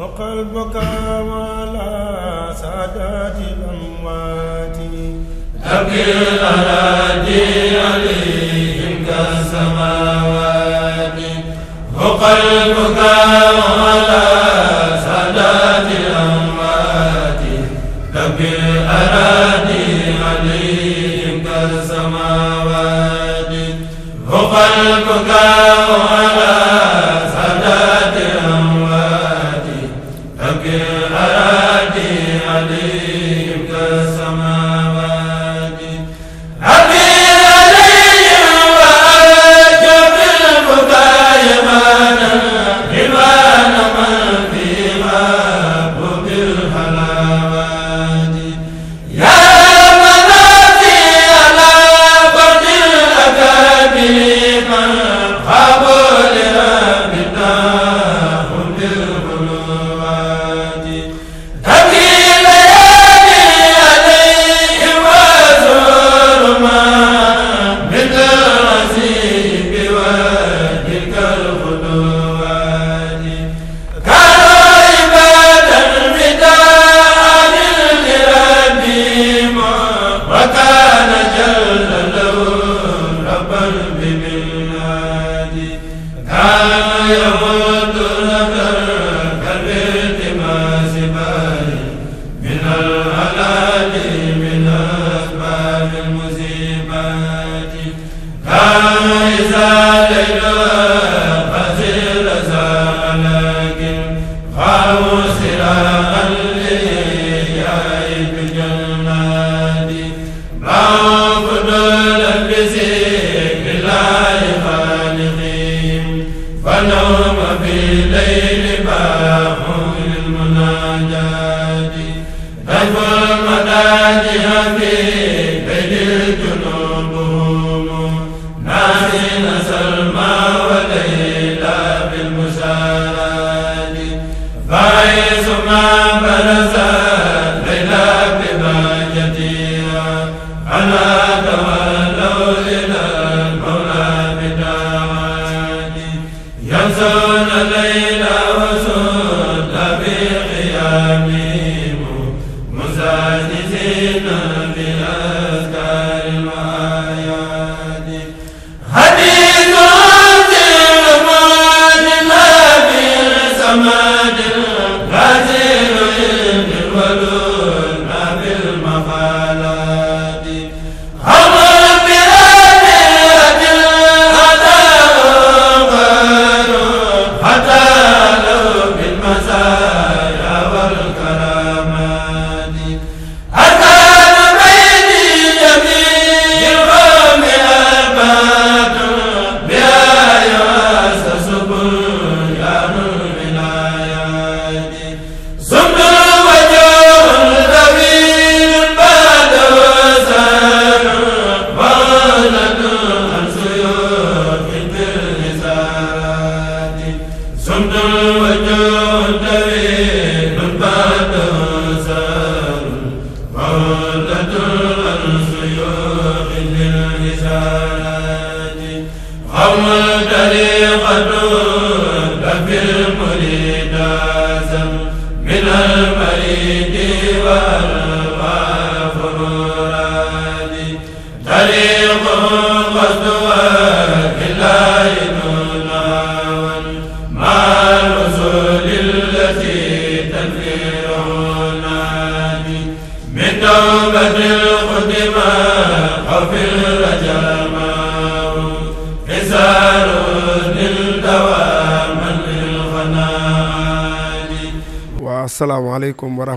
وقع البكاء على سادات الأموات أبكي الأراضي عليهم كالسماوات وقع البكاء على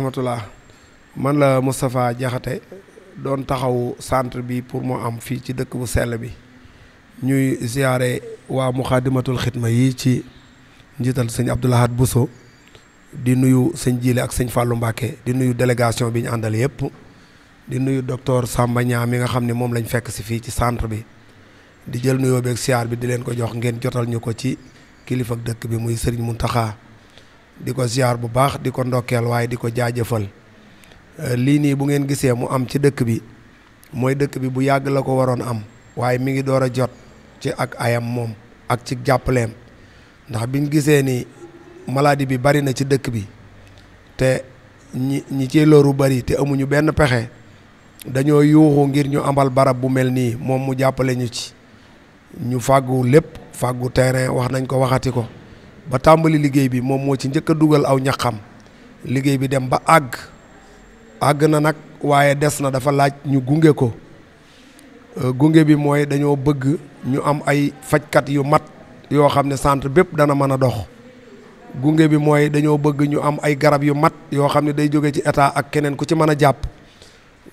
rahmatullah man la Moustapha Diakhaté doon taxaw centre bi pour mu am fii ci dëkk bu sell bi ñuy ziyaare waa Muxaddamatul Xidma yi ci njiital sëñ Abdou Lahad Bousso di nuyu sëñ Jili ak sëñ Fallou Mbacké di nuyu délégation bi àndal yëpp di nuyu docteur Samba Niang mi nga xam ne moom lañ fekk si fii ci centre bi di jël nuyoo beeg siyaar bi di leen ko jox ngeen jotal ñu ko ci kilifa dëkk bi muy Serigne Mountakha di ko ziar bu baax di ko ndokkeel waaye di ko jaajëfal euh, lii nii bu ngeen gisee mu am ci dëkk bi mooy dëkk bi bu yàgg la ko waroon am waaye mi ngi door a jot ci ak ayam moom ak ci jàppaleem ndax biñ gisee ni maladie bi bari na ci dëkk bi te ñi ñi ciy loru bari te amuñu benn pexe dañoo yuuxu ngir ñu amal barab bu mel nii moom mu jàppale ñu ci ñu fàggu lépp fàggu tere wax nañ ko waxati ko ba tàmbali liggéey bi moom moo ci njëkk a dugal aw ñaxam liggéey bi dem ba àgg àgg na nag waaye des na dafa laaj ñu gunge ko euh, gunge bi mooy dañoo bëgg ñu am ay fajkat yu mat yoo xam ne centre bépp dana mën a dox gunge bi mooy dañoo bëgg ñu am ay garab yu mat yoo xam ne day jóge ci état ak keneen ku ci mën a jàpp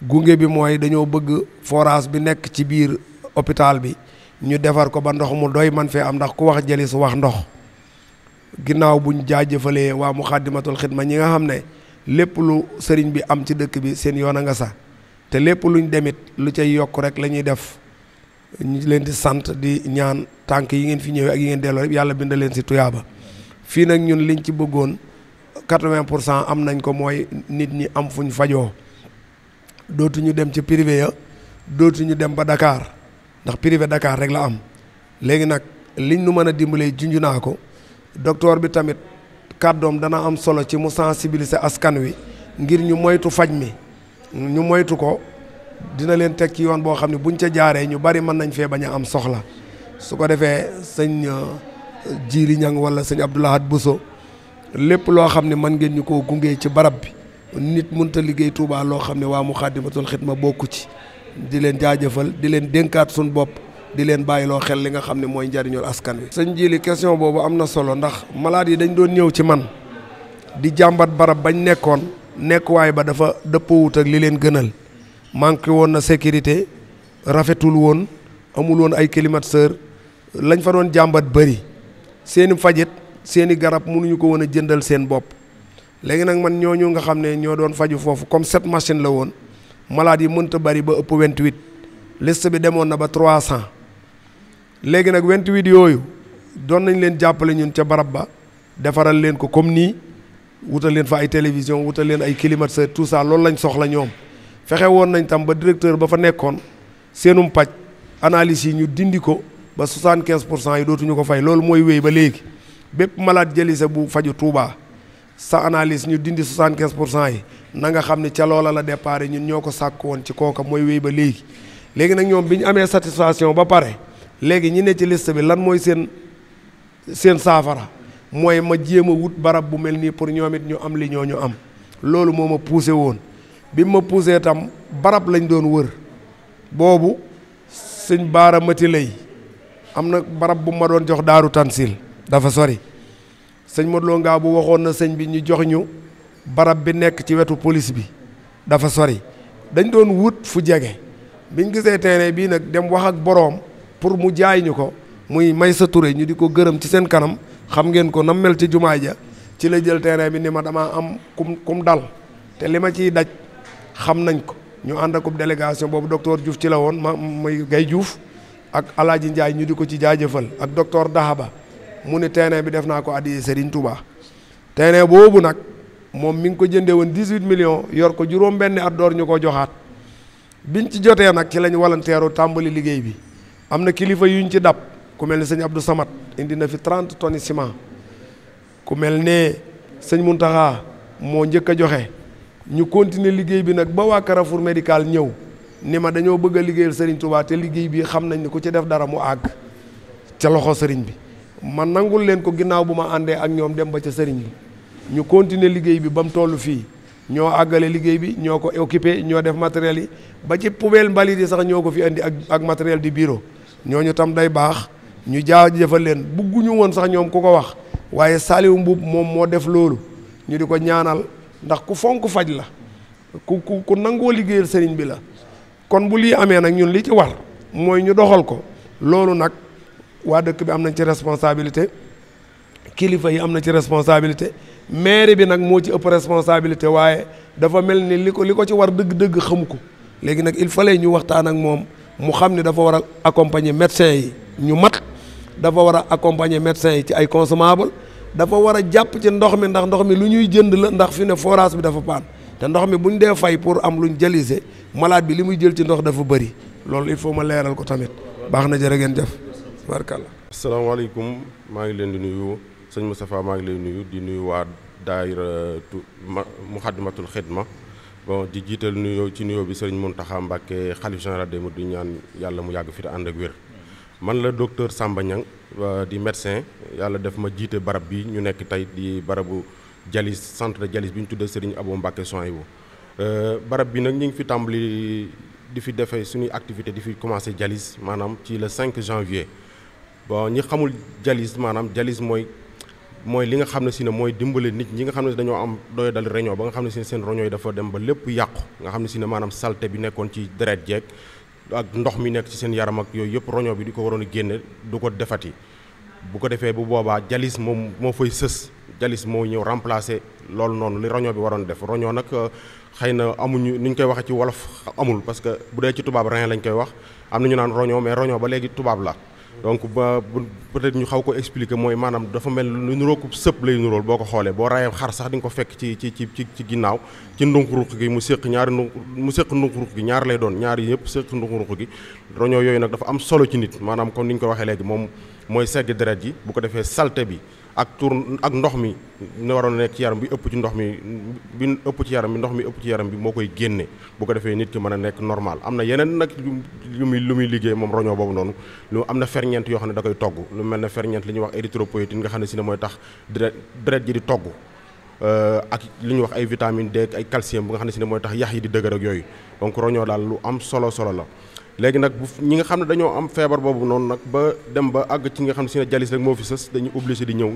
gunge bi mooy dañoo bëgg forage bi nekk ci biir hôpital bi ñu defar ko ba ndox mu doy man fee am ndax ku wax jëli su wax ndox ginnaaw buñ jaajëfalee waa Muxaddamatul Xidma ñi nga xam ne lépp lu sëriñ bi am ci dëkk bi seen yoon a nga sax te lépp luñ demit lu cay yokk rek la ñuy def ñu leen di sant di ñaan tànk yi ngeen fi ñëwee ak yi ngeen delloo rek yàlla binda leen si tuyaaba fii nag ñun liñ ci bëggoon 80 pour cent am nañ ko mooy nit ñi am fuñ fajoo dootuñu dem ci privé ya dootuñu dem ba dakaar ndax privé dakaar rek la am léegi nag liñ nu mën a dimbalee junj naa ko docteur bi tamit kàddoom dana am solo ci mu sensibiliser askan wi ngir ñu moytu faj mi ñu moytu ko dina leen teg ci yoon boo xam ne buñ ca jaaree ñu bari mën nañ fee bañ a am soxla su ko defee sëñ euh, Jili Ñang wala sëñ Abdoulahat Bousso lépp loo xam ne mën ngeen ñu koo gungee ci barab bi nit mënta liggéey Tuubaa loo xam ne waa mu Muxaddamatul ma bokk ci di leen jaajëfal di leen dénkaat suñu bopp di leen bàyyiloo xel li nga xam ne mooy njariñul askan wi sañ jiili question boobu am na solo ndax malade yi dañ doon ñëw ci man di jàmbat barab bañ nekkoon nekkuwaay ba dafa dëppoowut ak li leen gënal manqué woon na sécurité rafetul woon amul woon ay climatiseur lañ fa doon jàmbat bëri seeni fajit seeni garab munuñu ko woon a jëndal seen bopp léegi nag man ñooñu nga xam ne ñoo doon faju foofu comme sept machine la woon malade yi mënta bari ba ëpp 28 liste bi demoon na ba 300 léegi nag vingt-huit yooyu doon nañ leen jàppale ñun ca barab ba defaral leen ko comme nii wutal leen fa ay télévision wutal leen ay climatiseur tout sa loolu lañ soxla ñoom fexe woon nañ tam ba directeur ba fa nekkoon seenum paj analyse yi ñu dindi ko ba soixante-quinze pour cent yi dootuñu ko fay loolu mooy wéy ba léegi bépp malade jëlise bu faju tuuba sa analyse ñu dindi soixante-quinze pour cent yi na nga xam ne ca loola la départ ñun ñoo ko sàkk ci kooka mooy wéy ba léegi léegi nag ñoom bi ñu amee satisfaction ba pare léegi ñi ne ci liste bi lan mooy seen seen saafara mooy ma jéem a wut barab bu mel nii pour ñoomit ñu am li ñoo ñu am loolu moo ma poussé woon bi ma poussé tam barab lañ doon wër boobu sëñ baara mati lay am na barab bu ma doon jox daaru tansil dafa sori sëñ Modou Lo ngaa bu waxoon na sëñ bi ñu jox ñu barab bi nekk ci wetu police bi dafa sori dañ doon wut fu jege biñ gisee terrain bii nag dem wax ak boroom pour mu jaay ñu ko muy may sa ture ñu di ko gërëm ci seen kanam xam ngeen ko nam mel ci jumaa ja ci la jël terrain bi ni ma damaa am kum kum dal te li ma ciy daj xam nañ ko ñu ànd akub délégation boobu docteur Diouf ci la woon ma may Gay juuf ak Alaaji Njaay ñu di ko ci jaajëfal ak docteur Dahaba mu ne terrain bi def naa ko addi Serigne Touba terrain boobu nag moom mi ngi ko jëndee woon dix-huit millions yor ko juróom benn at door ñu ko joxaat biñ ci jotee nag ci lañ walanteeru tàmbali liggéey bi am na kilifa yuñ ci dab ku mel ne sëñ Abdou Samad indi na fi trente tonnes ciment ku mel ne sëñ Muntaxa moo njëkk a joxe ñu continuer liggéey bi nag ba waa Carrefour médical ñëw ni ma dañoo bëgg a liggéeyal sëriñ Touba te liggéey bii xam nañ ne ku ci def dara mu àgg ca loxo sëriñ bi ma nangul leen ko ginnaaw bu ma àndee ak ñoom dem ba ca sëriñ bi ñu continuer liggéey bi ba mu toll fii ñoo àggale liggéey bi ñoo ko occupé ñoo def matériel yi ba ci poubelle mbalit yi sax ñoo ko fi indi ak ak matériel di bureau ñooñu tam day baax ñu jaajëfal leen bugguñu woon sax ñoom ku ko wax waaye Saliou mbubb moom moo def loolu ñu di ko ñaanal ndax ku fonk faj la ku ku ku nangoo liggéeyal sëriñ bi la kon bu lii amee nag ñun li ci war mooy ñu doxal ko loolu nag waa dëkk bi am nañ ci responsabilité kilifa yi am na ci responsabilité maire bi nag moo ci ëpp responsabilité waaye dafa mel ni li ko li ko ci war dëgg-dëgg xamu ko léegi nag il fallait ñu waxtaan ak moom mu xam ni dafa war a accompagner médecin yi ñu mat dafa war a accompagner médecin yi ci ay consommables dafa war a jàpp ci ndox mi ndax ndox mi lu ñuy jënd la ndax fi ne forage bi dafa paan te ndox mi bu ñu dee fay pour am luñ jëlise malade bi li muy jël ci ndox dafa bëri loolu il faut ma leeral ko tamit baax na jërë ngeen jëf barkalla. asalaamaaleykum maa ngi leen di nuyu. sëñ Moustapha maa ngi lay nuyu di nuyu waa daayira Muxaddamatul Xidma bon di jiital nuyoo ci nuyoo bi sëñ Mountakha Mbacké xalif général des mourides di ñaan yàlla mu yàgg fi te ànd ak wér. man la docteur Samba Niang di médecin yàlla def ma jiite barab bi ñu nekk tey di barabu jalis centre de jalis bi ñu tuddee Serigne Abo Mbacké Souhaïbou euh, barab bi nag ñu ngi fi tàmbali di fi defee suñuy activité di fi commencé jalis maanaam ci le 5 janvier bon ñi xamul jalis maanaam jalis mooy. mooy li nga xam ne si ne mooy dimbale nit ñi nga xam ne dañoo am doy dal ba nga xam ne si ne seen réunion yi dafa dem ba lépp yàqu nga xam ne si ne maanaam salte bi nekkoon ci deret jeeg ak ndox mi nekk ci seen yaram ak yooyu yëpp réunion bi di ko waroon a génne du ko defati bu ko defee bu boobaa jalis moom moo fay sës jalis moo ñëw remplacer loolu noonu li roñoo bi waroon def roñoo nag euh, xëy na amuñu ni ñu koy waxee ci wolof amul parce que bu dee ci tubaab ren lañ koy wax am na naan roñoo mais roñoo ba léegi tubaab la donc ba peut-être ñu xaw ko expliquer mooy maanaam dafa mel lu nuroo ko sëp lay nurool boo ko xoolee boo rayee xar sax di nga ko fekk ci ci ci ci ci ginnaaw ci ndunkuruq gi mu séq ñaari ndu mu séq ndunkuruq gi ñaari lay doon ñaar yi yëpp séq ndunkuruq gi roñoo yooyu nag dafa am solo ci nit maanaam comme ni ñu ko waxee léegi moom mooy segg deret ji bu ko defee salte bi ak tour ak ndox mi nu waroon nekk ci yaram bi ëpp ci ndox mi bi ëpp ci yaram bi ndox mi ëpp ci yaram bi moo koy génne bu ko defee nit ki mën a nekk normal am na yeneen nag lu muy lu muy liggéey moom roñoo boobu noonu lu am na ferñeent yoo xam ne da koy togg lu mel ne ferñeent li ñu wax érythropoïétine nga xam ne si ne mooy tax deret deret ji di togg euh, ak li ñu wax ay vitamine D ay calcium bu nga xam ne si ne mooy tax yax yi di dëgër ak yooyu donc roñoo daal lu am solo solo la léegi nag bu ñi nga xam ne dañoo am feebar boobu noonu nag ba dem ba àgg ci nga xam ne si ne jalis rek moo fi sës dañu obligé di ñëw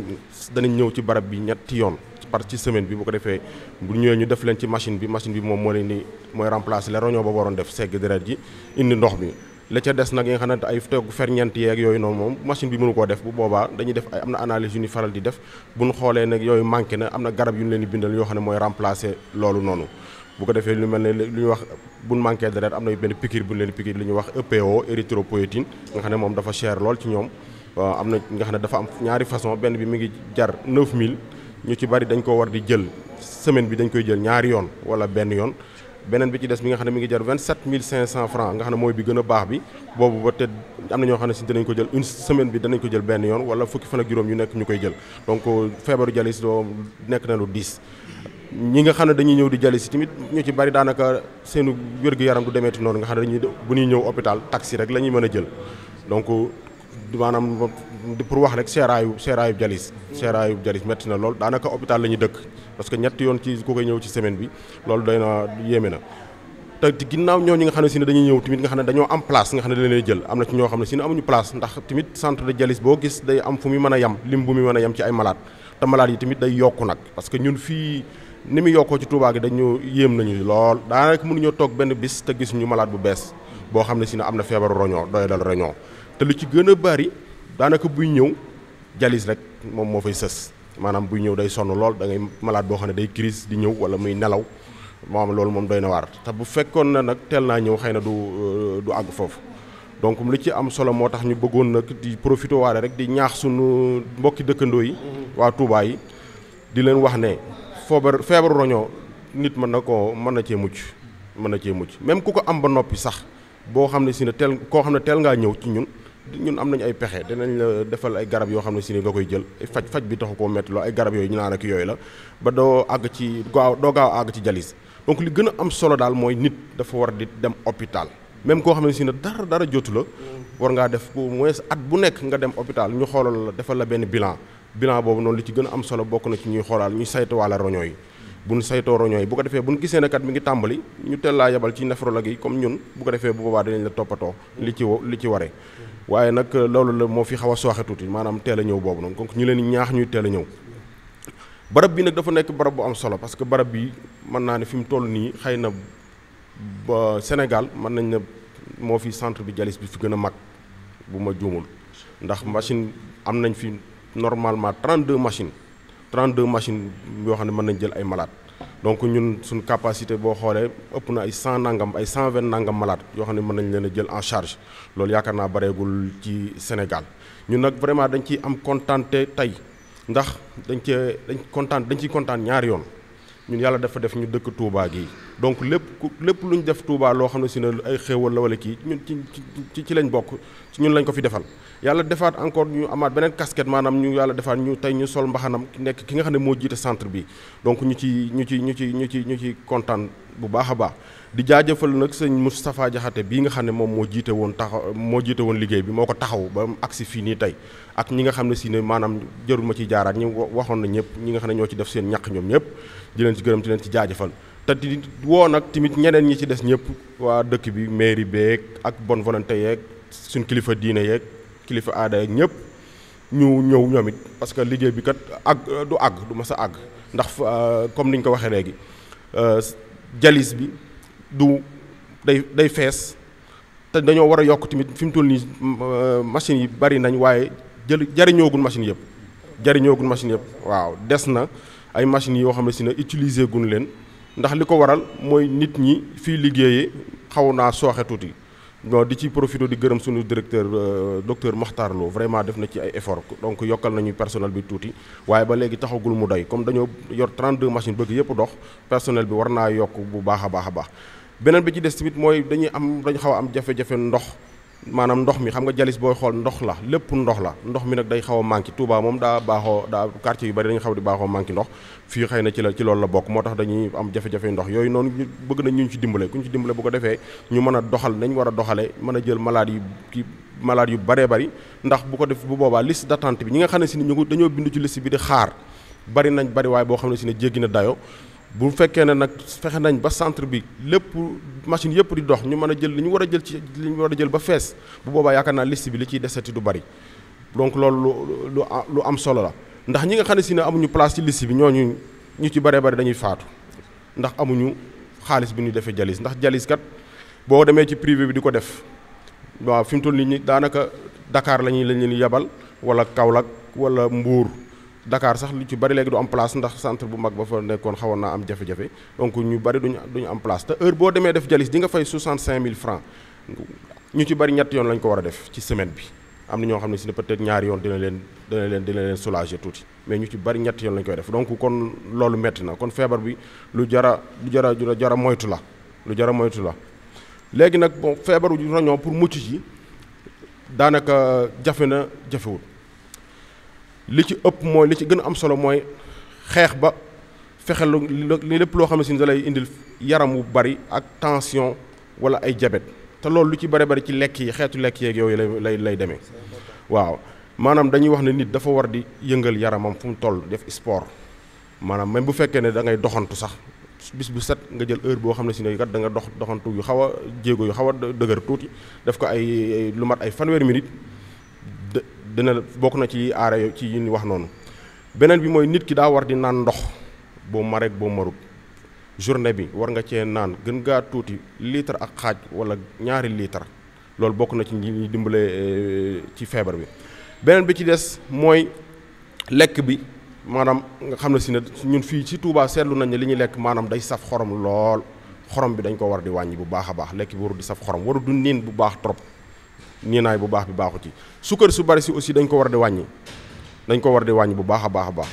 danañ ñëw ci barab bi ñetti yoon par ci semaine bi bu ko defee bu ñëwee ñu def leen ci machine bi machine bi moom moo leen ni mooy remplacer la roñoo ba waroon def segg deret ji indi ndox mi la ca des nag yi nga xam ne ay togg ferñeent yeeg yooyu noonu moom machine bi mënu koo def bu boobaa dañuy def ay am na analyse yu ñu faral di def bu ñu xoolee nag yooyu manqué na am na garab yu ñu leen di bindal yoo xam ne mooy remplacer loolu noonu bu ko defee lu mel ne lu ñuy wax bu ñu deret am na benn piqûre bu ñu leen piqûre li ñu wax EPO érythropoétine nga xam ne moom dafa cher lool ci ñoom am na nga xam ne dafa am ñaari façon benn bi mi ngi jar 9000 ñu ci bari dañ ko war di jël semaine bi dañ koy jël ñaari yoon wala benn yoon beneen bi ci des mi nga xam ne mi ngi jar 27500 francs nga xam ne mooy bi gën a baax bi boobu ba te am na ñoo xam ne si danañ ko jël une semaine bi danañ ko jël benn yoon wala fukki fan ak juróom yu nekk ñu koy jël donc feebaru jalis doo nekk na lu diis ñi nga xam ne dañuy ñëw di jëli si tamit ñu ci bari daanaka seenu wér-gu-yaram du demeeti noonu nga xam ne dañuy bu ñuy ñëw hôpital taxi rek la ñuy mën a jël donc maanaam pour wax rek seeraayu seeraayu lool daanaka hôpital la ñuy dëkk parce que ñett yoon ci ku koy ñëw ci semaine bi loolu day yéeme na te ginnaaw ñoo ñi nga xam ne si ne dañuy ñëw tamit nga xam ne dañoo am place nga xam ne dañ leen jël am na ci ñoo xam ne si ne amuñu place ndax tamit centre de dialyse boo gis day am fu mu mën a yem lim bu mu mën a yem ci ay malade te malade yi tamit day yokku nag parce ni mu yokkoo ci Touba gi dañu yéem nañu lool daanaka mënuñoo toog benn bis te gis ñu malaat bu bees boo xam ne si ne am na feebaru roñoo doy dal roñoo te lu ci gën a bari daanaka buy ñëw jalis rek moom moo fay sës maanaam buy ñëw day sonn lool da ngay malade boo xam ne day crise di ñëw wala muy nelaw moo moom loolu moom doy na waar te bu fekkoon na nag teel naa ñëw xëy na du euh, du àgg foofu donc lu ci am solo moo tax ñu bëggoon nag di profité waale rek di ñaax suñu mbokki dëkkandoo yi mm-hmm. waa di leen wax ne foobar feebaru roñoo nit mën na koo mën na cee mucc mën na cee mucc même ku ko am ba noppi sax boo xam ne si ne teel koo xam ne teel ngaa ñëw ci ñun ñun am nañu ay pexe dinañ defal ay garab yoo xam ne si ne nga koy jël faj faj bi taxu koo metti loo garab yooyu ñu naan ak yooyu la ba doo àgg ci gaaw doo àgg ci jalis donc li gën a am solo daal mooy nit dafa war di dem hôpital même koo xam ne si ne dara dara jotu la mm. ngaa def au moins at bu nekk nga dem hôpital ñu xoolal la defal la benn bilan bilan boobu noonu li ci gën a am solo bokk na ci ñuy xoolaal ñuy saytuwaale roño yi bu ñu saytoo roño yi bu ko defee bu ñu gisee ne kat mi ngi tàmbali ñu teel laa yebal ci néphrologue yi comme ñun bu ko defee bu boobaa dinañ la toppatoo li ci li ci waree waaye nag euh, loolu la moo fi xaw a sooxe tuuti maanaam teel a ñëw boobu noonu donc ñu leen ñaax ñuy teel a ñëw barab bi nag dafa nekk barab bu am solo parce que barab bi mën naa ne fi mu toll nii xëy na ba Sénégal mën nañ ne moo fi centre bi dialyse bi fi gën a mag bu ma juumul ndax machine am nañ fi normalement 32 machines 32 machines yoo xam ne mën nañ jël ay malaat donc ñun suñu capacité boo xoolee ëpp na ay 100 nangam ay 120 nangam malaat yoo xam ne mën nañ leen a jël en charge loolu yaakaar naa bareegul ci Sénégal ñun nag vraiment dañ ciy am kontante tey ndax dañ cee dañ kontaan dañ ciy kontaan ñaari yoon ñun yàlla dafa def ñu dëkk tuubaa gii. donc lépp ku lépp lu ñu def Touba loo xam ne si ne ay xéewal la wala kii ñun ci ci ci lañ bokk ci ñun lañ ko fi defal yàlla defaat encore ñu amaat beneen casquette maanaam ñu yàlla defaat ñu tey ñu sol mbaxanam nekk ki nga ne moo jiite bi donc ñu ci ñu ci ñu ci ñu ci ñu ci kontaan bu baax a baax di jaajëfal nag sëñ Moustapha Diakhaté bii nga xam ne moom moo jiite woon taxaw moo jiite woon liggéey bi moo ko taxaw ba mu agsi fii nii tey ak ñi nga xam ne si ne maanaam jërul ma ciy jaaraat ñi waxoon na ñëpp ñi nga xam ne ñoo ci def seen ñàq ñoom ñëpp di leen ci gërëm leen ci jaajëfal te di woo nag tamit ñeneen ñi ci des ñëpp waa dëkk bi mairie beeg ak bonne volonté yeeg suñ kilifa diine yeeg kilifa aada yeeg ñëpp ñu ñëw ñoom it parce que liggéey bi kat àgg du àgg du mas a àgg ndax euh, comme ni ñu ko waxee léegi euh, jalis bi du day day fees te dañoo war a yokk tamit fi mu toll nii euh, yi bari nañ waaye jël jariñoogul machines yëpp jariñoogul machines yëpp waaw des na ay machines yoo xam ne si ne utiliser gun leen ndax li ko waral mooy nit ñi fii liggéeyee xaw naa sooxe tuuti non di ci profité di gërëm suñu directeur euh, docteur Makhtar Lo vraiment def na ci ay effort donc yokkal nañu personnel bi tuuti waaye ba léegi taxagul mu doy comme dañoo yor 32 machines bëgg yëpp dox personnel bi war naa yokk bu baax a baax a baax beneen bi ci des tamit mooy dañuy am dañu xaw am jafe-jafe ndox maanaam ndox mi xam nga jalis booy xool ndox la lépp ndox la ndox mi nag day xaw a manqué Touba moom daa baaxoo daa quartier yu bari dañu xaw di baaxoo manqué ndox fii xëy na ci la ci loolu la bokk moo tax dañuy am jafe-jafe ndox yooyu noonu bëgg nañ ñu ci dimbale ku ñu ci dimbale bu ko defee ñu mën a doxal nañ war a doxale mën a jël malade yu ki malade yu baree bari ndax bu ko def bu boobaa liste d'attente bi ñi nga xam ne si ni ñu dañoo bindu ci liste bi di xaar bari nañ bari waaye boo xam ne si ne jéggi na dayo bu fekkee ne nag fexe nañ ba centre bi lépp machine yëpp di dox ñu mën a jël li ñu war a jël ci li ñu war a jël ba fees bu boobaa yaakaar naa liste bi li ciy desati du bari donc loolu lu lu am solo la ndax ñi nga xam ne si ne amuñu place ci liste bi ñoo ñu ñu ci baree bari dañuy faatu ndax amuñu xaalis bi ñu defee jalis ndax jalis kat boo demee ci privé bi di ko def waaw fi mu toll nii daanaka Dakar la ñuy la ñu yebal wala Kaolack wala Mbuur dakaar sax lu ci bari léegi du am place ndax centre bu mag ba fa nekkoon xawoon naa am jafe-jafe donc ñu bari duñu am place te heure boo demee def jalis di nga fay 65000 francs ñu ci bari ñett yoon lañ ko war a def ci semaine bi am na ñoo xam ne si ne peut-être ñaari yoon dina leen dina leen dina leen soulager tuuti mais ñu ci bari ñett yoon lañ koy def donc kon loolu metti na kon feebar bi lu jara lu jara jara moytu la lu jara moytu la léegi nag bon feebaru roñoo pour mucc ci daanaka jafe na jafewul li ci ëpp mooy li ci gën a am solo mooy xeex ba fexe lu li lépp loo xam ne si da lay indil yaram wu bari ak tension wala ay jabet te loolu lu ci bari bari ci lekk yi xeetu lekk yeeg yooyu lay lay lay demee waaw maanaam dañuy wax ne nit dafa war di yëngal yaramam fu mu toll def sport maanaam même bu fekkee ne da ngay doxantu sax bis bu set nga jël heure boo xam ne si ne kat da nga dox doxantu yu xaw a jéego yu xaw a dëgër tuuti def ko ay lu mat ay fanweeri minute dina bokk na ci aara ci yi ñu wax noonu beneen bi mooy nit ki daa war di naan ndox boo mareeg boo marut journée bi war nga cee naan gën gaa tuuti litre ak xaaj wala ñaari litre loolu bokk na ci ñi dimbale eh, ci feebar bi beneen bi ci des mooy lekk bi maanaam nga xam ne si ne ñun fii ci Touba seetlu nañ ne li ñuy lekk maanaam day saf xorom lool xorom bi dañ ko war di wàññi bu baax a baax lekk bi waru di saf xorom waru du niin bu baax trop nii bu baax bi baaxu ci kër su bari si aussi dañ ko war di wàññi dañ ko war di wàññi bu baax a baax a baax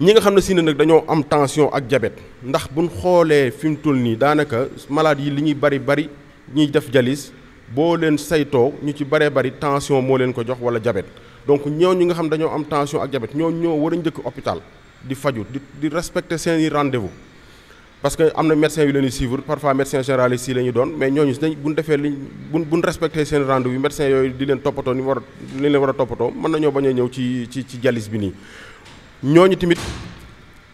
ñi nga xam ne si ne nag dañoo am tension ak jabet ndax buñ xoolee fi mu toll nii daanaka malade yi li ñuy bari bari ñuy def jalis boo leen saytoo ñu ci baree bari tension moo leen ko jox wala jabet donc ñëw ñooñu nga xam dañoo am tension ak jabet ñoo ñoo war a njëkk hôpital di faju di di respecter seen i rendez-vous parce que am na médecin yu leen di suivre parfois médecin généraliste yi la ñu doon mais ñooñu dañ buñ defee liñ buñ buñ respecté seen rendez-vous médecin yooyu di leen toppatoo ni war a li leen war a toppatoo mën nañoo bañ a ñëw ci ci ci dialyse bi nii ñooñu tamit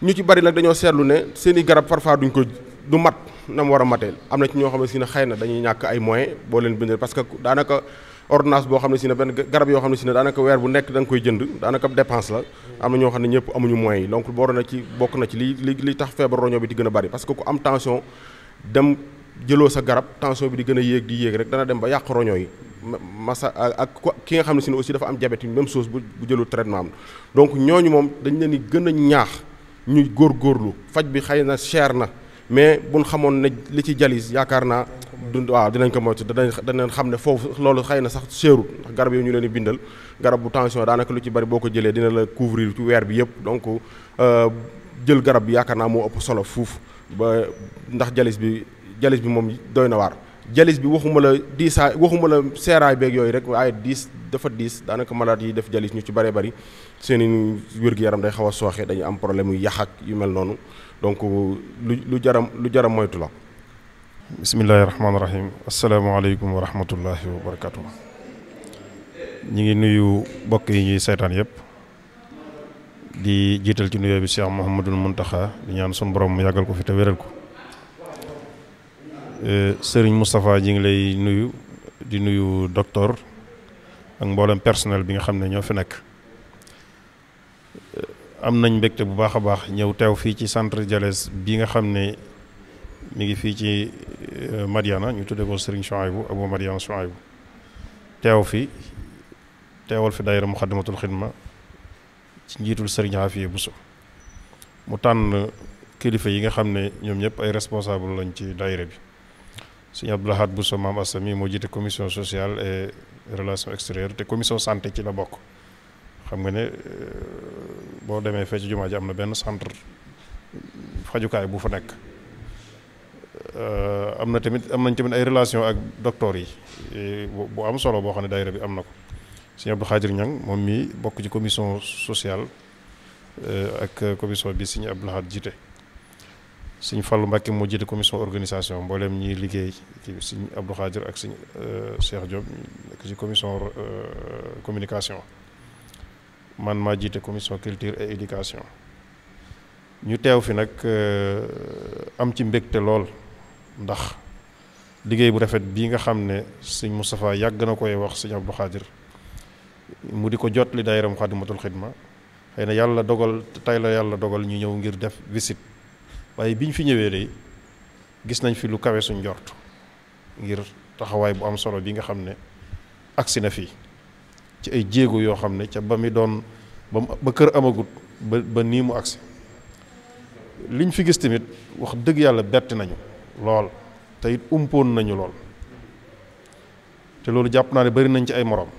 ñu ci bari nag dañoo seetlu ne seen i garab parfois duñ ko du mat na mu war a mateel am na ci ñoo xam ne si ne xëy na dañuy ñàkk ay moyen boo leen bindee parce que daanaka ordonnance boo xam ne si ne benn garab yoo xam ne si ne daanaka weer bu nekk da koy jënd daanaka dépense la am na ñoo xam ne ñëpp amuñu moyens yi donc boro na ci bokk na ci li li li tax feebar roño bi di gën a bari parce que ku am tension dem jëloo sa garab tension bi di gën a yéeg di yéeg rek dana dem ba yàq roño yi masa ak ki nga xam ne si ne aussi dafa am jabet diabète même chose bu jëlu traitement am donc ñooñu moom dañ leen di gën a ñaax ñu góor góorgóorlu faj bi xëy na cher na mais bu buñ xamoon ne li ci jalis yaakaar naa dund waaw dinañ ko moytu danañ danañ xam ne foofu loolu xëy na sax seerut ndax garab yi ñu leen di bindal garab bu tension daanaka lu ci bari boo ko jëlee dina la couvrir ci weer bi yëpp donk euh, jël garab bi yaakaar naa moo ëpp solo fuuf ba ndax jalis bi jalis bi moom doy na waar jalis bi waxuma la diisaay waxuma la seeraay beeg yooyu rek waaye diis dafa diis daanaka malade yi def jalis ñu ci bëree bari seen i wér-gu-yaram day xaw a sooxe dañu am problème yu yax ak yu mel noonu donc lu lu jaram lu jaram moytu la. bisimilah rahmaani rahiim asalaamaaleykum wa rahmatullahi wa barakatu. ñu ngi nuyu mbokk yi ñuy seetaan yëpp di jiital ci nuyoo bi Cheikh Mouhamadul Mountakha di ñaan sunu borom mu yàggal ko fi te wéral ko. Eh, sëriñ Moustapha ji ngi lay nuyu di nuyu docteur ak mboolem personnel bi nga xam ne ñoo fi nekk eh, am nañ mbégte bu baax a baax ñëw teew fii ci centre jalees bi nga xam ne mi ngi fii ci eh, Madiana ñu tuddee ko sëriñ Chouaïbou Abou Madiana Chouaïbou teew fi teewal fi daayira Muxaddamatul Xidma ci njiitul sëriñ bu Buso mu tànn kilifa yi nga xam ne ñoom ñëpp ay responsable lañ ci daayira bi sëñ Abdou Lahad Bousso Maam Asta mi moo jiite commission sociale et relations extérieures te commission santé ci la bokk xam nga ne euh, boo demee fee ci jumaa ji am na benn centre fajukaay bu fa nekk euh, am na tamit am nañ tamit ay relation ak docteur yi bu am solo boo xam ne daayira bi am na ko sëñ Abdou Khadir Niang moom mii bokk ci commission sociale euh, ak commission bi sëñ ab laxaat jiite sëñ fallu Mbacke moo jiite commission organisation mboolem ñiy liggéey ci sëñ Abdou Khadir ak suñ euh, Cheikh Diop nekk ci commission euh, communication man maa jiite commission culture et éducation ñu teew fi nag euh, am ci mbégte lool ndax liggéey bu rafet bii nga xam ne sëñ Moustapha yàgg na koy wax sëñ Abdou Khadir mu di ko jot li daayira Moukhaddamatoul Khidma xëy na yàlla dogal tey la yàlla dogal ñu ñëw ngir def visite waaye bi ñu fi ñëwee day gis nañ fi lu kawe suñ jort ngir taxawaay bu am solo bi nga xam ne agsi na fii ci ay jéego yoo xam ne ca ba mi doon ba ba kër amagut ba ba nii mu agsi liñ fi gis tamit wax dëgg yàlla bett nañu lool te umpoon nañu lool te loolu jàpp naa ne bari nañ ci ay moroom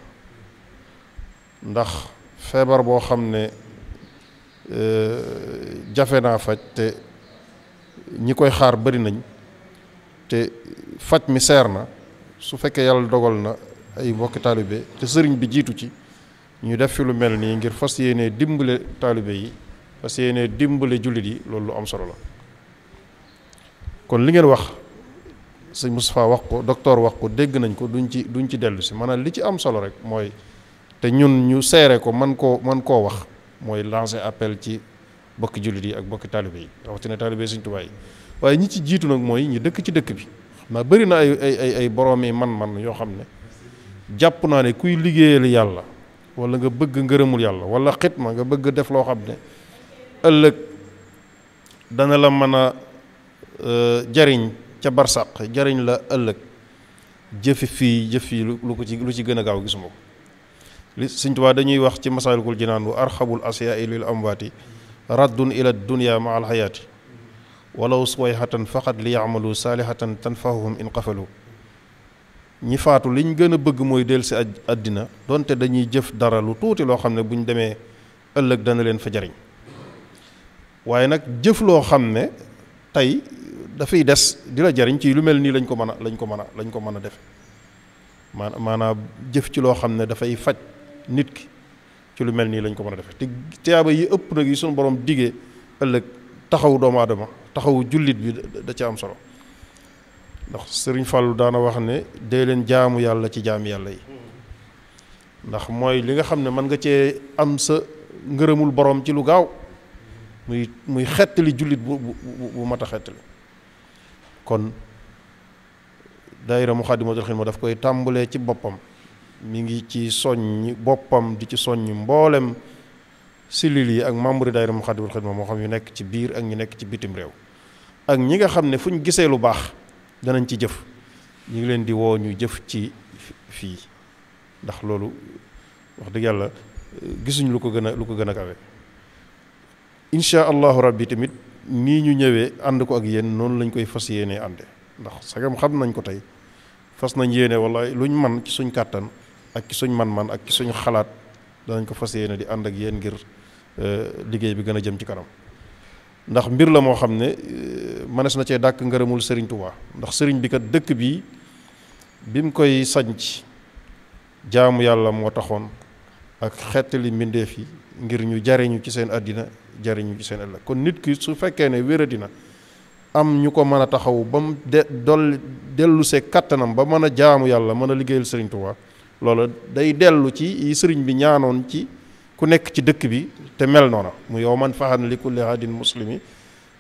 ndax feebar boo xam ne euh, jafe naa faj te ñi koy xaar bari nañ te faj mi seer na su fekkee yàlla dogal na ay mbokki taalibe te sëriñ bi jiitu ci ñu def fi lu mel nii ngir fas yéenee dimbale taalibe yi fas yéenee dimbale jullit yi loolu lu am solo la kon li ngeen wax sëñ Moustapha wax ko docteur wax ko dégg nañ ko duñ ci duñ ci dellu si maanaam li ci am solo rek mooy te ñun ñu seere ko man koo man koo wax mooy lancer appel ci bokki jullit yi ak bokki taalibe yi rawatina taalibe yi Sëñ waaye ñi ci jiitu nag mooy ñu dëkk ci dëkk bi ma bëri na ay ay ay boroomi man-man yoo xam ne jàpp naa ne kuy liggéeyal yàlla walla nga bëgg ngërëmul yàlla wala ma nga bëgg def loo xam ne ëllëg dana la mën a e, jariñ ca barsàq jariñ la ëllëg jëfi fii jëf fii lu ci lu ci gën a gaaw gisuma ko li Sëñ Tuubaa dañuy wax ci masaalikul jinaan wa arxabul asyaa lil amwaati raddun ila dunya ma alxayaati walaw suwayxatan faqat li yacmalu saalihatan tanfahum in qafalu ñi faatu liñ gën a bëgg mooy del si àddina donte dañuy jëf dara lu tuuti loo xam ne bu ñu demee ëllëg dana leen fa jariñ waaye nag jëf loo xam ne tey dafay des di la jariñ ci lu mel nii lañ ko mën a lañ ko mën a lañ ko mën a def maanaam jëf ci loo xam ne dafay faj nit ki ci lu mel nii lañ ko mën a defee te tiyaaba yi ëpp nag yi suñu borom digee ëllëg taxawu doomu aadama taxawu jullit bi da ci am solo ndax sëriñ Fallou daana wax ne dee leen jaamu yàlla ci jaami yàlla yi ndax mooy li nga xam ne mën nga cee am sa ngërëmul borom ci lu gaaw muy muy xettali jullit bu bu bu mat xettali kon daayira Muxaddamatul Xidma daf koy tàmbulee ci boppam mi ngi ci soññ boppam di ci soññ mboolem silil yi ak membre daayira Moukhaddamatoul Khidma moo xam yu nekk ci biir ak ñu nekk ci bitim réew ak ñi nga xam ne fu ñu gisee lu baax danañ ci jëf ñu ngi leen di woo ñu jëf ci fii ndax loolu wax dëgg yàlla gisuñ lu ko gën a lu ko gën a kawe incha allahu rabbi tamit nii ñu ñëwee ànd ko ak yéen noonu lañ koy fas yéenee ànde ndax sagam xam nañ ko tey fas nañ yéene wala luñ man ci suñ kàttan ak ci suñ man-man ak ci suñu xalaat danañ ko fas yéene di ànd ak yéen ngir euh, liggéey bi gën a jëm ci kanam ndax mbir la moo xam ne euh, mënees na cee dàkk ngërëmul sëriñ Touba ndax sëriñ bi kat dëkk bii bi mu koy sanc jaamu yàlla moo taxoon ak xettali mbindeef yi ngir ñu jariñu ci seen àddina jariñu ci seen ëllëg kon nit ki su fekkee ne wéradina am ñu ko mën a taxaw ba mu de dolli dellu see kattanam ba mën a jaamu yàlla mën a liggéeyal sëriñ loola day dellu ci yi sëriñ bi ñaanoon ci ku nekk ci dëkk bi te mel noona mu yow man faxan li kulli haadin muslimi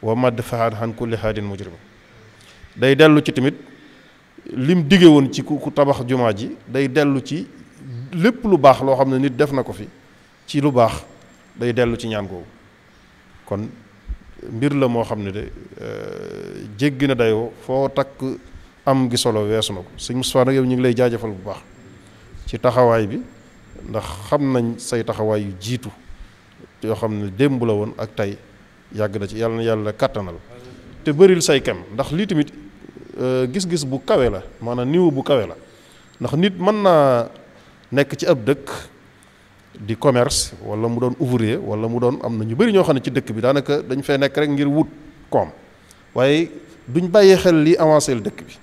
wa mad faxan xan kulli haadin mujrimi day dellu ci tamit lim dige woon ci ku tabax jumaa ji day dellu ci lépp lu baax loo xam ne nit def na ko fi ci lu baax day dellu ci ñaan googu kon mbir la moo xam ne de euh, jéggi na dayoo foo takk am gi solo weesu na ko sëñ Moustapha nag yow ñu ngi lay jaajëfal bu baax ci taxawaay bi ndax xam nañ say taxawaay yu jiitu yoo xam ne démb la woon ak tey yàgg na ci yàlla na yàlla kàttanal te baril say kem ndax lii tamit euh, gis-gis bu kawe la maanaam niwu bu kawe la ndax nit mën naa nekk ci ab dëkk di commerce wala mu doon ouvrier wala mu doon am na ñu bëri ñoo xam ne ci dëkk bi daanaka dañ fee nekk rek ngir wut koom waaye duñ bàyyee xel lii avancé dëkk bi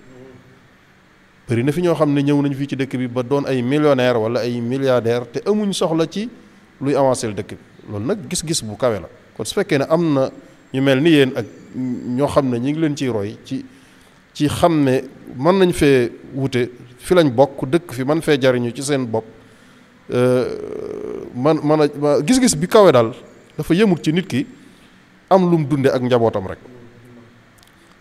bëri na fi ñoo xam ne ñëw nañu fii ci dëkk bi ba doon ay millionnaire wala ay milliardaire te amuñ soxla ci luy avancé dëkk bi loolu nag gis-gis bu kawe la kon su fekkee ne am na ñu mel ni yéen ak ñoo xam ne ñu ngi leen ciy roy ci ci xam ne mën nañ fee wute fi lañ bokk dëkk fi man fee jariñu ci seen bopp euh, man man a gis-gis bi kawe daal dafa yëmut ci nit ki am lu mu dunde ak njabootam rek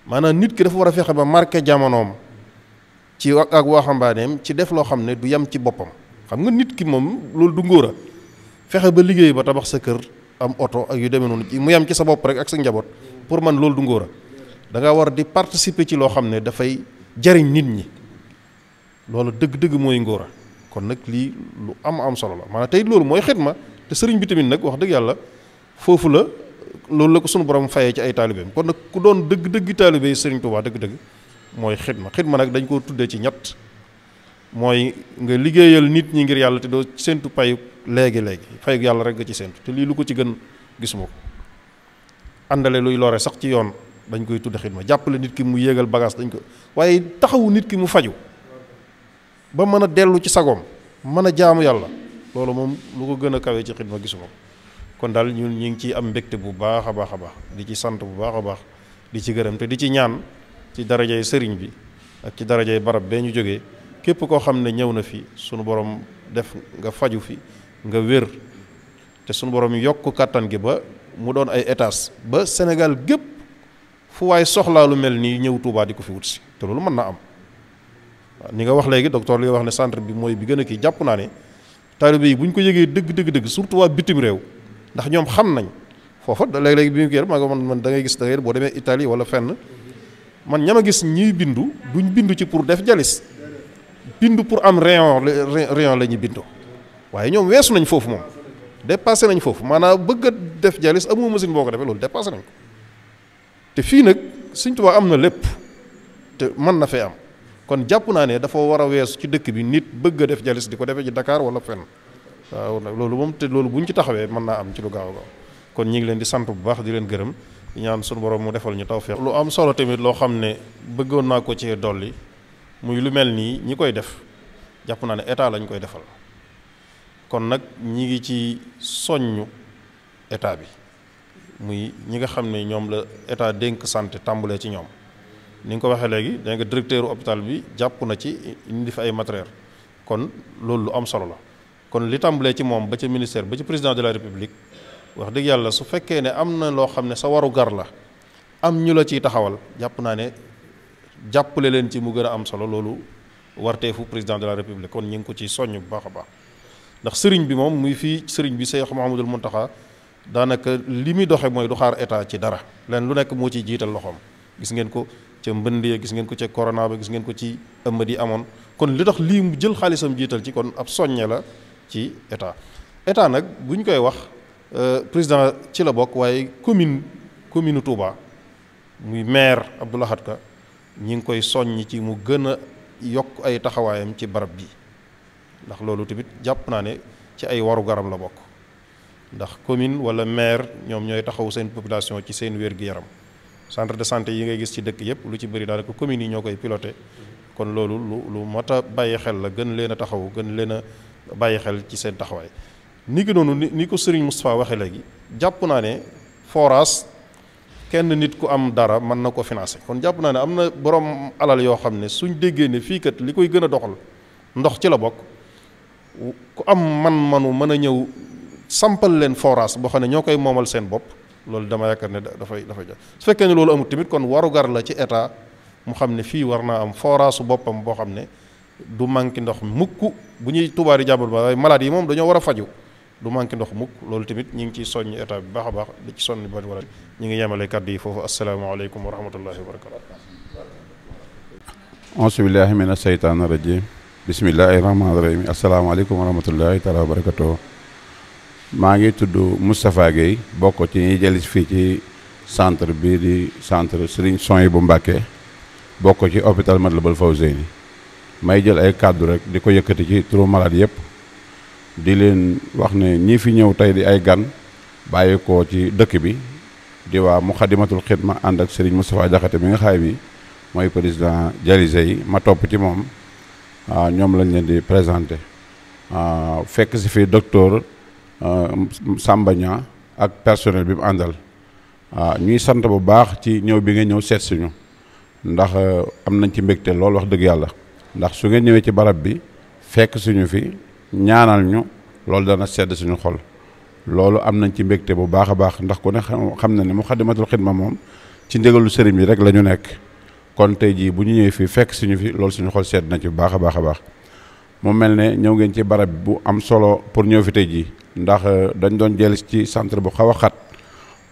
maanaam nit ki dafa war a fexe ba marqué jamonoom ci ak waxambaaneem ci def loo xam ne du yem ci boppam xam nga nit ki moom loolu du ngóora fexe ba liggéey ba tabax sa kër am oto ak yu demee noonu ci mu yem ci sa bopp rek ak sa njaboot pour man loolu du ngóora da nga war di participer ci loo xam ne dafay jariñ nit ñi loolu dëgg-dëgg mooy ngóora kon nag lii lu am am solo la maanaam tey loolu mooy ma te sëriñ bi tamit nag wax dëgg yàlla foofu la loolu la ko sunu borom fayee ci ay taalibeem kon nag ku doon dëgg-dëgg taalibe Sëriñ Tuubaa dëgg-dëgg mooy xidma xidma nag dañ koo tuddee ci ñett mooy nga liggéeyal nit ñi ngir yàlla te doo séntu payu léegi léegi payu yàlla rek nga ci séntu te lii lu ko ci gën gisuma ko àndale luy lore sax ci yoon dañ koy tudde xidma jàppale nit ki mu yéegal bagaas dañ ko waaye taxawu nit ki mu faju ba mën a dellu ci sagoom mën a jaamu yàlla loolu moom lu ko gën a kawee ci xidma gisuma ko kon daal ñun ñu ngi ciy am mbégte bu baax a baax a baax di ci sant bu baax a baax di ci gërëm di ci ñaan ci darajay sëriñ bi ak ci darajay barab bee ñu jóge képp koo xam ne ñëw na fi sunu borom def nga faju fi nga wér te sunu borom yokk kàttan gi ba mu doon ay étage ba Sénégal gépp fu waay soxlaa lu mel ni ñëw Touba di ko fi wut si te loolu mën naa am waaw ni nga wax léegi docteur li nga wax ne centre bi mooy bi gën a kii jàpp naa ne taalibe yi bu ñu ko yëgee dëgg dëgg dëgg surtout waa bitim réew ndax ñoom xam nañ foofa léeg-léeg bi ñu ko yër nga gis da ngay demee Italie wala fenn man ñama gis ñuy bindu duñ bindu ci pour def jalis bindu pour am rayon rayon la ñuy bindoo waaye ñoom weesu nañ foofu moom dépassé nañ foofu maanaam bëgg a def jalis moo machine boo ko defee loolu dépassé nañ ko te fii nag Sëñ Tuubaa am na lépp te mën na fee am kon jàpp naa ne dafa war a weesu ci dëkk bi nit bëgg a def jalis di ko defee ci Dakar wala fenn waaw loolu moom te loolu bu ñu ci taxawee mën naa am ci lu gaaw gaaw kon ñu ngi leen di sant bu baax di leen gërëm. ñaan sunu borom mu defal ñu taw tawféex lu am solo tamit loo xam ne bëggoon naa ko ci dolli muy lu mel nii ñi koy def jàpp naa ne état lañ koy defal kon nag ñi ngi ci soññu état bi muy ñi nga xam ne ñoom la état dénk sante tàmbalee ci ñoom ni nga ko waxee léegi da nga directeur hôpital bi jàpp na ci indi fi ay matériel kon loolu lu am solo la kon li tàmbalee ci moom ba ci ministère ba ci président de la république wax dëgg yàlla su fekkee ne am na loo xam ne sa waru gar la am ñu la ciy taxawal jàpp naa ne jàppale leen ci mu gën a am solo loolu warteefu président de la république kon ñu ngi ko ci soññ bu baax a baax ndax sëriñ bi moom muy fii sëriñ bi Seex Muhammadul Muntaxa daanaka li muy doxe mooy du xaar état ci dara leen lu moo ciy jiital loxoom gis ngeen ko ca mbënd ya gis ngeen ko ca corona ba gis ko ci ëmad yi amoon kon li tax lii mu jël xaalisam jiital ci kon ab soññe la ci état état nag buñ koy wax Euh, président ci la bokk waaye commune commune Touba muy maire Abdou Lahad Ka ñi ngi koy soññ ci mu gën a yokk ay taxawaayam ci barab bi ndax loolu tamit jàpp naa ne ci ay waru garam la bokk ndax commune wala maire ñoom ñooy taxaw seen population ci seen wér-gu-yaram centre de santé yi ngay gis ci dëkk yëpp lu ci bëri daanaka communes yi ñoo koy piloté kon loolu lu lu mat a bàyyi xel la gën leen a taxaw gën leen a bàyyi xel ci seen taxawaay ni ki noonu ni ko Serigne Moustapha waxe léegi jàpp naa ne forage kenn nit ku am dara mën na ko financé kon jàpp naa ne am na borom alal yoo xam ne suñ déggee ne fii kat li koy gën a doxal ndox ci la bokk ku am man-manu mën a ñëw sampal leen forage boo xam ne ñoo koy moomal seen bopp loolu dama yaakaar ne dafay dafay ja su fekkee ne loolu amul tamit kon warugar la ci état mu xam ne fii war naa am forage su boppam boo xam ne du manqué ndox mukk bu ñuy tubaari jàmbal ba waaye malade moom dañoo war a faju du manqué ndox mukk loolu tamit ñu ngi ciy soññ état bi baax a baax di ci sonn ba wala ñu ngi yemale kàddu yi foofu asalaamaaleykum wa rahmatullahi wa barakatu asubillahi mina seytaani rajim bismillahi rahmaani rahim asalaamaaleykum wa rahmatullahi taala maa ngi tudd Moustapha Guèye bokk ci ñuy jëlis fii ci centre bi di centre Serigne bu Mbacké bokk ci hôpital Matlaboul Fawzeyni may jël ay kàddu rek di ko yëkkati ci turu malade yëpp di leen wax ne ñii fi ñëw tey di ay gan bàyyi ko ci dëkk bi di waa Muxaddamatul Xidma ànd ak Serigne Moustapha Diakhaté mi nga xaay bi mooy président Jalise yi ma topp ci moom ah, ñoom lañ leen di présenté ah, fekk si fi docteur ah, Samba ak personnel bi mu àndal ñuy sant bu baax ci ñëw bi nga ñëw seet suñu ndax am nañ ci mbégte lool wax dëgg yàlla ndax su ngeen ñëwee ci barab bi fekk suñu fi ñaanal ñu loolu dana sedd suñu xol loolu am nañ ci mbégte bu baax a baax ndax ku ne xam na ne Muxaddamatul Xidma moom ci ndigalu sëriñ bi rek la ñu nekk kon tey jii bu ñu ñëwee fii fekk suñu fi loolu suñu xol sedd na ci bu baax a baax a baax mu mel ne ñëw ngeen ci barab bu am solo pour ñëw fi tey jii ndax euh, dañ doon jël ci centre bu xaw a xat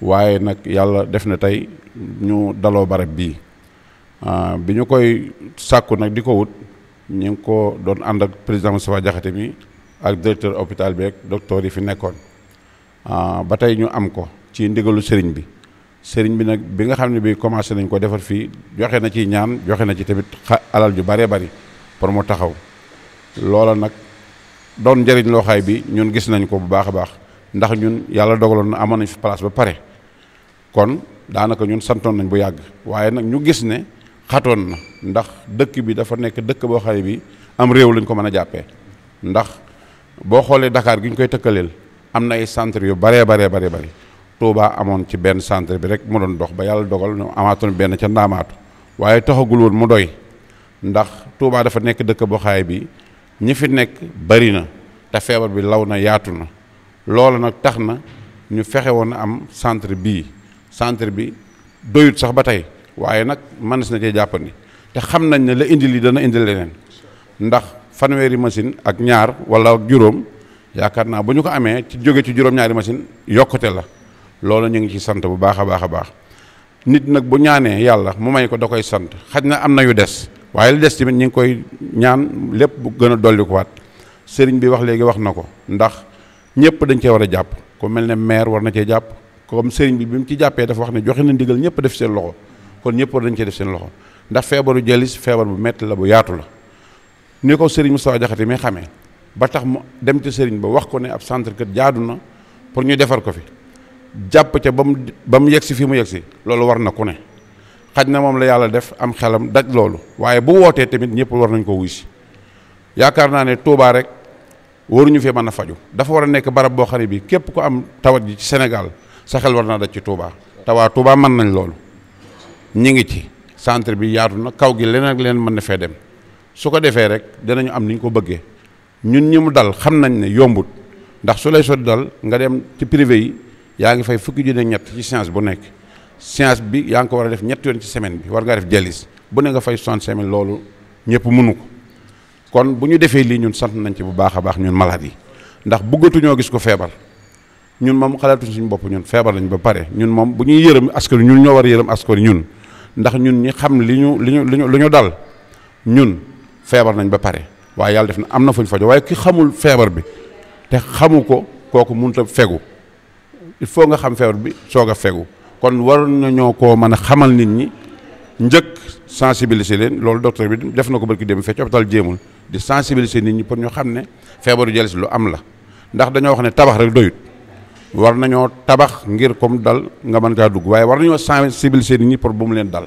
waaye nag yàlla def na tey ñu daloo barab bii ah, bi ñu koy sàkku nag di ko wut ñu ngi ko doon ànd ak président Moustapha Diakhaté mi ak directeur hôpital bi ak docteur yi fi nekkoon ah, ba tey ñu am ko ci ndigalu sëriñ bi sëriñ bi nag bi nga xam ne bi commencé nañ ko defar fii joxe na ci ñaan joxe na ci tamit alal ju baree bari pour mu taxaw loola nag doon njëriñ looxaay bi ñun gis nañ ko bu baax a baax ndax ñun yàlla dogaloon na amoon nañ fi place ba pare kon daanaka ñun santoon nañ bu yàgg waaye nag ñu gis ne xatoon na ndax dëkk bi dafa nekk dëkk boo xam bi am réew lañ ko mën a jàppee boo xoolee dakaar gi ñu koy tëkkaleel am na ay centre yu baree baree baree bëri Touba amoon ci benn centre bi rek mu doon dox ba yàlla dogal ñu amaatoon benn ca ndaamaatu waaye taxagul woon mu doy ndax Touba dafa nekk dëkk boo xaay bi ñi fi nekk bari na te feebar bi law na yaatu na loolu nag tax na ñu fexe woon am centre bii centre bi doyut sax ba tey waaye nag mënees na cee jàppandi te xam nañ ne la indi lii dana indi leneen ndax fanweeri machine ak ñaar wala juróom yaakaar naa bu ñu ko amee ci jóge ci juróom-ñaari machine yokkute la loolu ñu ngi ci sant bu baax a baax a baax nit nag bu ñaanee yàlla mu may ko da koy sant xaj na am na yu des waaye lu des mit ñu ngi koy ñaan lépp bu gën a dollikuwaat sëriñ bi wax léegi wax na ko ndax ñëpp dañ cee war a jàpp ku mel ne maire war na cee jàpp comme sëriñ bi bi mu ci jàppee dafa wax ne joxe na ndigal ñëpp def seen loxo kon ñëpp war dañ def seen loxo ndax feebaru jalis feebar bu metti la bu yaatu la ni ko Serigne Moustapha Diakhaté mi xamee ba tax mu dem ca Serigne ba wax ko ne ab centre kër jaadu na pour ñu defar ko fi jàpp ca ba mu ba mu yegg si fi mu yegg si loolu war na ku ne xaj na moom la yàlla def am xelam daj loolu waaye bu wootee tamit ñëpp war nañ ko wuy si yaakaar naa ne tuubaa rek waruñu fee mën a faju dafa war a nekk barab boo xam ne bii képp ko am tawat ji ci Sénégal sa xel war naa daj ci Touba te waa Touba mën nañ loolu ñu ngi ci centre bi yaatu na kaw gi leneen ak mën na fee dem. su ko defee rek dinañu am ni ñu ko bëggee ñun ñi mu dal xam nañ ne yombut ndax su lay sotti dal nga dem ci privé yi yaa ngi fay fukki junne ñett ci séance bu nekk séance bi yaa ngi ko war a def ñett yoon ci semaine bi war nga def dialyse bu ne nga fay soixante-cinq loolu ñëpp munu ko kon bu ñu defee lii ñun sant nañ ci bu baax a baax ñun malade yi ndax bëggatuñoo gis ko feebar ñun moom xalaatuñ suñu bopp ñun feebar nañ ba pare ñun moom bu ñuy yërëm askan ñun ñoo war a yërëm askan ñun ndax ñun ñi xam li ñu li ñu li ñu dal ñun feebar nañ ba pare waaye yàlla def na am na fuñ fajo waaye ki xamul feebar bi te xamu ko kooku mënut a fegu il faut nga xam feebar bi soog a fegu kon waroon nañoo koo mën a xamal nit ñi njëkk sensibiliser leen loolu docteur bi def na ko barki dem fecc hôpital jéemul di sensibiliser nit ñi pour ñu xam ne feebaru jalis lu am la ndax dañoo wax ne tabax rek doyut war nañoo tabax ngir comme dal nga mën taa dugg waaye war nañoo sensibiliser nit ñi pour bu mu leen dal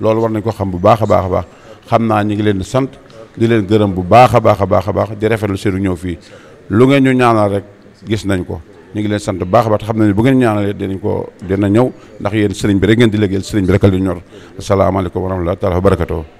loolu war nañ ko xam bu baax a baax a baax xam naa ñu ngi leen di sant di leen gërëm bu baax a baax a baax a baax di rafetlu seenu ñëw fii lu ngeen ñu ñaanal rek gis nañ ko ñu ngi leen sant bu baax a baax xam nañ ne bu ngeen ñaanalee dinañ ko dina ñëw ndax yéen sëriñ bi rek ngeen di liggéeyal sëriñ bi rek a li ñor asalaamaaleykum wa rahmatulah taala wa barakatuh